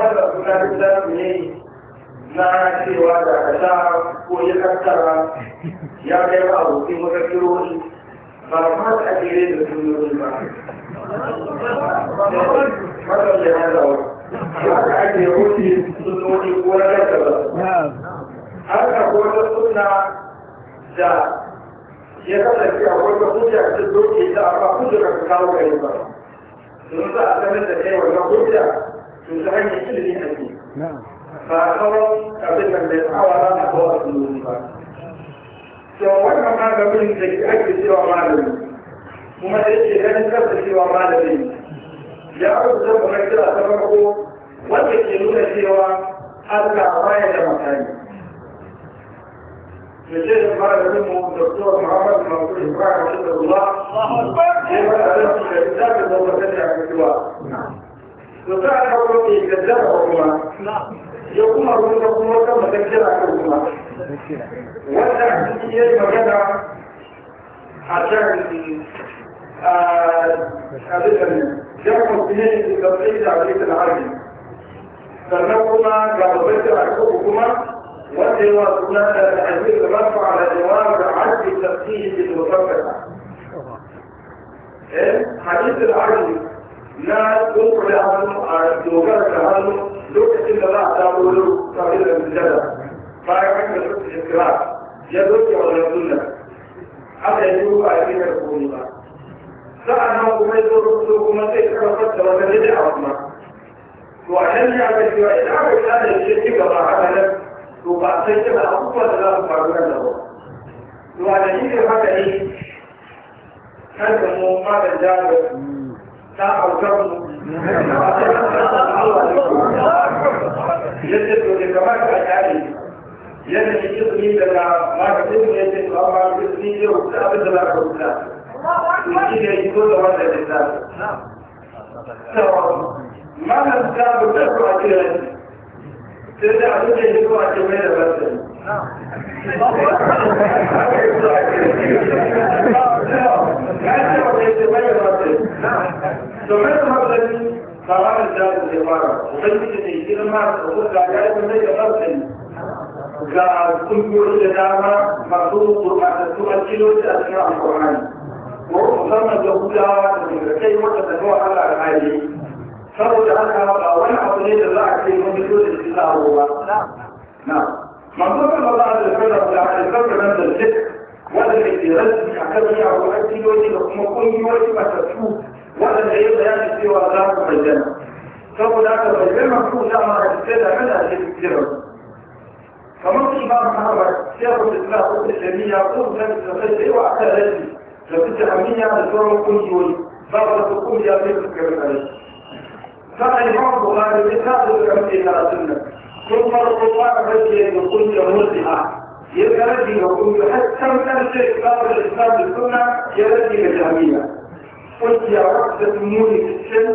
wanda guda littafi ne na cewa da kasa ko ya kaskara ya kai ba abokin wata kirori ba ma ta ajiyar da duniyoyi ba. Mata da ya zawo, ba ta ajiyar wuce duniyoyi ko na kasa ba. Har ka wata suna da ya kasance a wata hujja ta doke ta amma hujja ka kawo gari ba. Domin sa a sanar da kai wannan hujja من الحاجة كل دي حديث نعم فأخرج قبلنا بالحوالة نحوة الوظيفة سواء ما كان قبل زي أجل سوى معلمي وما تجي كان كبر سوى معلمي يعرض ذنب مكتلة سبقه وتكلون سوى أربع راية مكاني الشيخ قال منه الدكتور محمد منصور من رحمه الله الله اكبر كيف ادرك الكتاب وهو تدعي السواء نعم وساعد ربك يكذب ربما يقوم ربك ربك مذكرة ربما وانا هي مجدع عشان آه، أبدا جاكم فيه لتبعيد عبيد العالم فلنقوما قالوا بسر عكوكما وسوى سنة الحديث رفع على جواب عد التفكيه بالمطبقة إيه؟ حديث العالم na kunkure hannu a dogara da hannu lokacin da za a samu wani tare da sujada bayan haka da suka shekara ya doke wani sunna haka ya yi a yi da komi ba sa'an nan kuma ya zo kuma zai karfar da wata daidai a kuma to a nan ya ga cewa idan aka yi da shi ci gaba haka nan to ba a san kira abubuwa da za su faru nan da ba to a dalilin haka ne kan da mu magan jami'a تعبوا جبنه يجب لكمات أشعالي يجب يجبني لما ما كتبني يجب أو ما كتبني يجب أبدا لا كتبنا يجب كل واحد الإنسان ما نستعب تسوى كذلك تدع تدع يكون كمية بس نعم domin da matsali ba ma da zaɓi zai fara ubangiji da girma da kuka ya yi mai da matsali ga kungiyoyi da dama masu gurɓatattu a kiloji a cikin alƙur'ani ko musamman da hudawa da zirkai wata da zuwa Allah alhali saboda haka ba wani abu ne da za a ce mun fito da shi ba na manzo kan ba da fara da alƙur'ani nan da duk wanda ke rantsi akan yawo a kiloji da kuma kungiyoyi matattu ولا العيب يعني في وقعه بالجنة فهو ذاك بالجنة هو جمع كذا كذا شيء كثير فما في ما من هذا سيرو تطلع قوة الشمية قوة جنة الخير أي واحد هذي لو كنت عمين يعني دور مكون جوي فقط تقوم يا بيت الكريم عليه فأنا إمام بخاري بسعد الكريم إلى السنة كل مرة تطلع بجي يقول يا مرزها يا ربي كنت حتى من الشيخ قال الإسلام السنة يا ربي بجهمية wadda wadda sun muni cikin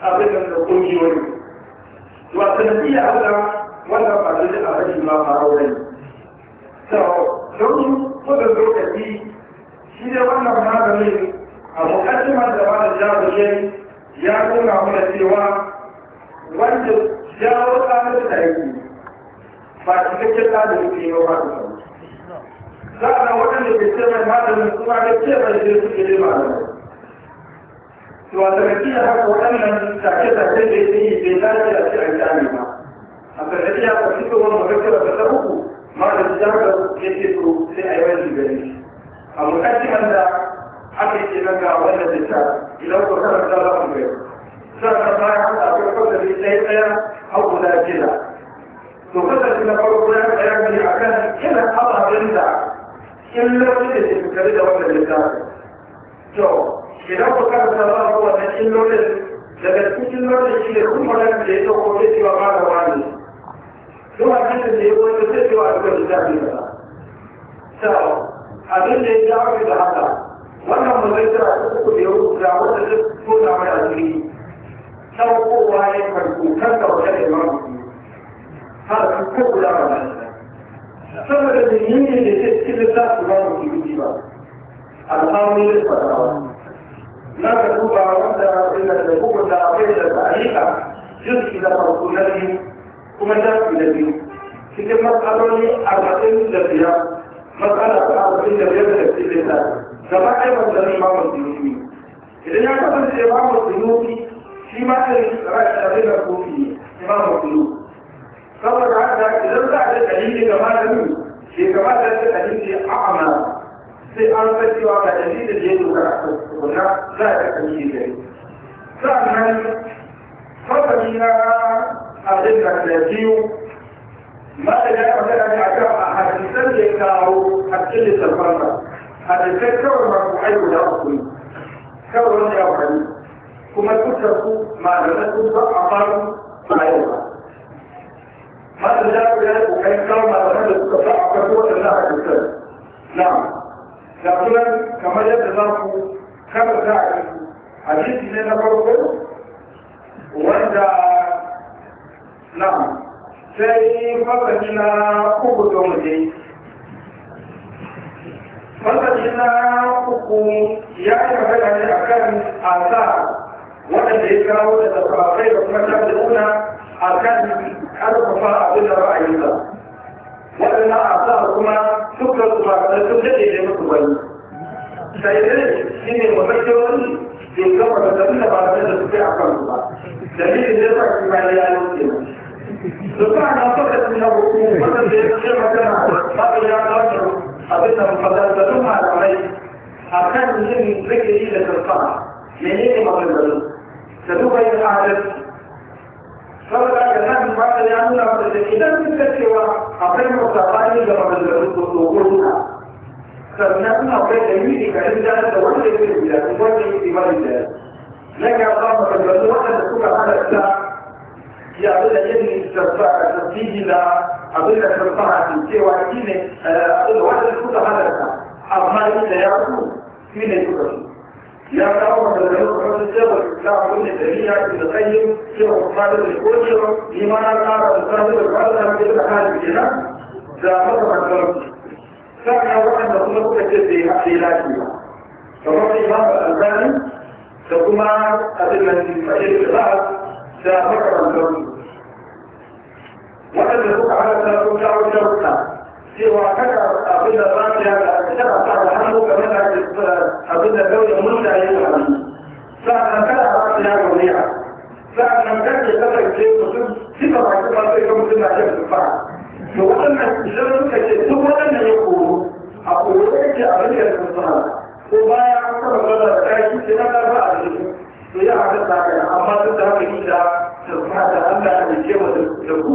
abin da kungiyoyi wata da iya wannan ba da a rashin ma fara wani so don wadda lokaci shi ne wannan maganin a mukaddimar da ba da ya nuna mana cewa wanda ya wata na da yake ba ta ɗalibin ne ba ba da sauki za a waɗanda ke ce mai kuma da mai ne وتمكين حق وأن تعكس سيدي بذلك أعتامنا فالذي أعتقده المذكرة فتروه ما الجرد يجب لأيوان البنيش المقدم أن حقيقة لك أولا الإنسان إلى وكرة الله أمره سأل ما يحصل أبقى بالسيئة أو لا كلا وقدر أن أقول لك أيام أكان كلا أضع بإنسان إلا وجدت المكرد أولا الإنسان شو idan ku karanta za ku wannan illolin daga cikin illolin shi ne kuma nan da ya dauko zai cewa ba da wani duk hadisin da ya wani zai cewa a cikin littafi ba so abin da ya jawo da haka wannan mazaita a cikin da ya rubuta wanda zai tona mai asiri saukowa ya farko kan da wata da imamu har su ko kula da saboda da yi ne da ke cikin littafi ba mu ba alhamdulillah لا تكوبا وانت إلا تكوبا إلا تعليقا جزء إلى رسول الله كما جاء إلى دين في المسألة لي أربعين لبيا مسألة أربعين لبيا بتفسير الله كما أيضا للإمام السيوطي إذا يعتبر الإمام السيوطي فيما رأي شرير الكوفي إمام السيوطي saboda haka idan za a da dalili ga malami ke kamata da dalili a amma sai an san ذلك الشيء ثانيا فضلنا أدلة التي ما إذا أردنا أن أكرم أحد يسلي كارو أكل الفرنسا هذا الكور مرفوعي ولا أصلي كور يا وحدي كما تشركوا ما لم تكن أعطاه معيوبا ما لا يجب أن كور ما لم تستطع فتوة الله عز وجل نعم لكن كما يدرك كما ذاك fasali na uku zo mu je fasali uku ya yi magana ne a kan asa wanda ya kawo da tafafai da kuma tabbuna a kan ƙarfafa abin da ra'ayinsa waɗannan asa kuma suka zuwa da sun daɗe da musu bari sai dai shi ne mafakirin bai gama da da ba da suke a kansu ba dalilin da ya sa kuma ya yi Dokar na so ka tuna hukumi wanda da ya ce magana babu ya kawo abin da maganganun malamai a kan yin zikiri da karfa mene ne maganganu da duka yin adalci. Saboda ga nan ba ta ya nuna mata da idan sun cewa akwai musafani da maganganu ko tsohonka sannan akwai dalili ka rinjar da wanda ya ke da wanda ya ke ba da na ya ba maganganu ya abin da yin tasbihi da abin da tasbaha ke cewa shi ne abin da wanda suka halarta amma inda ya fito shi ne suka fi ya kawo da zai kamar cewa ta abin da dari ya fi da tsayin cewa kuma da da kocewa ni ma na kara da tsarin da kwallon da da hali kenan da makamantar sannan waɗanda kuma suka ce bai haɗe lafiya kamar imam al-albani da kuma abin da ba da makamantar su waɗanda suka halatta sun kawo sharuɗa cewa kada abin da za ta yaga kada sa da hannu game da abin da gauyen murna ya yi hannu sa'annan kada a ta yaga wuya sa'annan kada ya kasance mutum cika baki ba sai ga mutum na jan tufa to waɗannan idan suka ce duk waɗannan ya koro a koro yake abin da ya tufa ko baya an kama gwada da kashi sai na ba a cikin to ya haka sa amma duk da haka ni da tufa da Allah ya ce wa da ku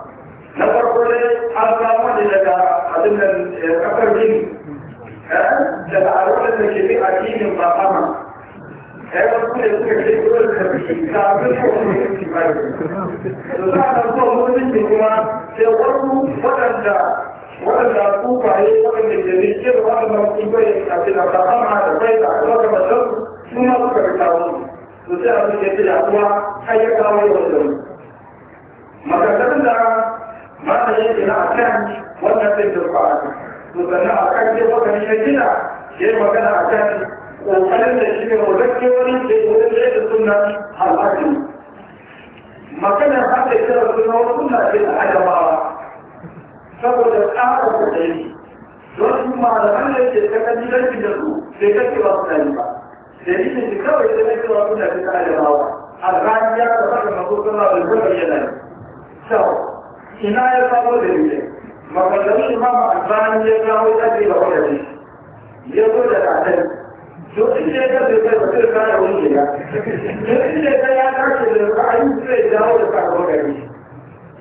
daga abin nan kafar gini da ta'arwar da ke bi a ginin ba sama ai wasu ne suka ce dole ka fi ta abin da wani yanki ba da za a ɗauko mutunci kuma sai wasu waɗanda waɗanda kufaye waɗanda ke ne ke da waɗanda kufaye a cikin da sama da kai da kuma da su ma suka fi kawo su sai abin da ke da kuma har ya kawo yawan da mu. Makasar da mata yake na a kan wannan zai a kan to sannan a kan ya yi magana a kan ƙoƙarin da shi ne wani da ya ne? da suna maganar haka ya tara suna wasu suna da saboda tsara kuɗi don su da ke ta da su sai ba su ba da yi ne kawai da kake ba su ta ya suna da zuwa ina ya samo da yi ma a albani ya kawo ɗabi da ne ya zo da ɗaɗin to in ce ka zai kai mutum ka ya wani ya to in ce ka ya kace da ra'ayi zai dawo da ba gari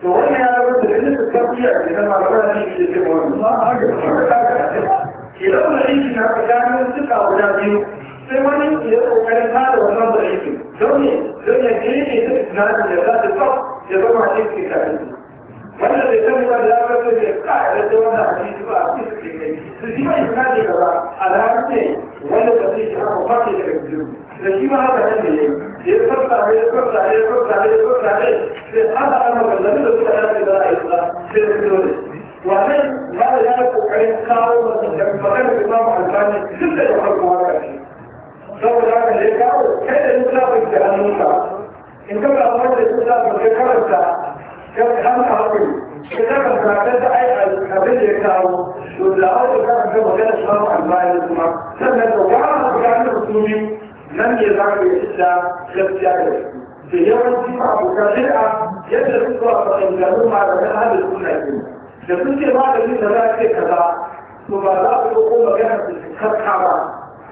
to wani ya zo da duk da kafiya da na malaman ne ke cikin wannan idan wani aiki na tsakanin suka guda biyu sai wani ya kokarin kada wannan da aiki don ne don ya ke ne da tunanin ya za ta ya zama aiki wannan bai san ba da ba ne ka da da wannan hadisi ba a cikin kai su shi mai kana da ba alamu ne wanda ba zai shiga ba ke da gudu da shi ma haka nan ne ya farka ya farka ya farka ya farka ne sai Allah Allah ba da da suka da da ai ba sai da dole wannan ba da ya kokarin kawo wannan da magana da Imam Al-Albani duk da farko haka shi saboda haka ne kawo kai da mutum da hannunka in ka ba wanda ya tsaya ka karanta كان حمل عقلي كتاب الزعتاد أي الكابل يكاو والدعوات كان كما كان شرم عن ما يسمع سنة وعلى كان الرسولي لم يزعل إلا خبتيا في يوم الجمعة وكشرعة يدرس وإنهم على هذا السنة لكن بعد ذلك ذلك كذا ثم لا تقوم كانت تتخذ حرام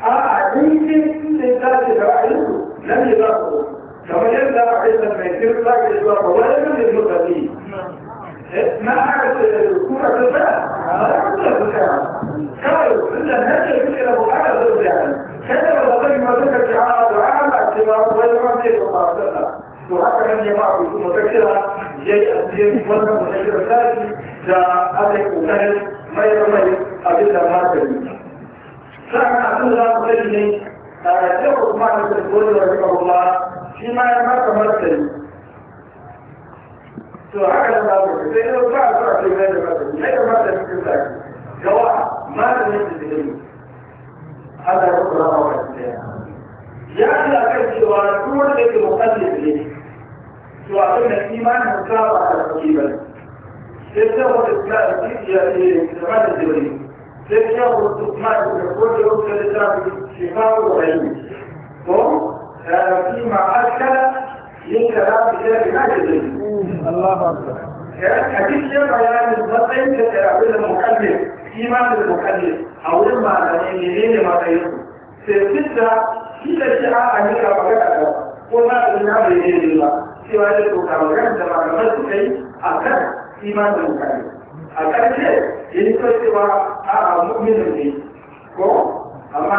أعديك من ذلك رأيه لم يزعله كما يبدا عيسى إيه؟ ما يصير لا يصير ولا من المتقين ما عرف الكورة بالفعل ما عرفنا بالفعل قالوا إن هذا الفكرة مؤكد بالفعل كان الغرب ما ذكر شعار وعمل اعتبار ويرمى في المعصرة وحتى كان جماعة يكون متكسرة جاي أسلم ولا متكسر ثاني جاء أبيك وكهل ما يرمي أبدا ما تبين سامع عبد الله بن تيمية تقول ما نقول رحمه الله shi ma ya maka martani to haka da babu sai yau ba a zuwa sai mai da martani mai da martani sun sa gawa malamin da zai yi Allah ya kula ma wani daya ya Allah kan cewa duk wanda ke mukallin ne to a kan imanin ka ba ka sauki ba sai ta wata kula da ya ce da ma da zai sai ta wata kuma da kodin da ta fi shifa wa rayu ko كان فيما أشكل من كلام كتاب ماجد الله أكبر كان حديث بيان الضبط كتابل المكلف إيمان المكلف أو إما الإيمان ما تيسر سيبتدى كل شيء أمير وغيره وما إنها بإذن الله سوى ذلك كامران كما رمزت كي أكد إيمان المكلف أكد شيء ينفع سوى مؤمن به أما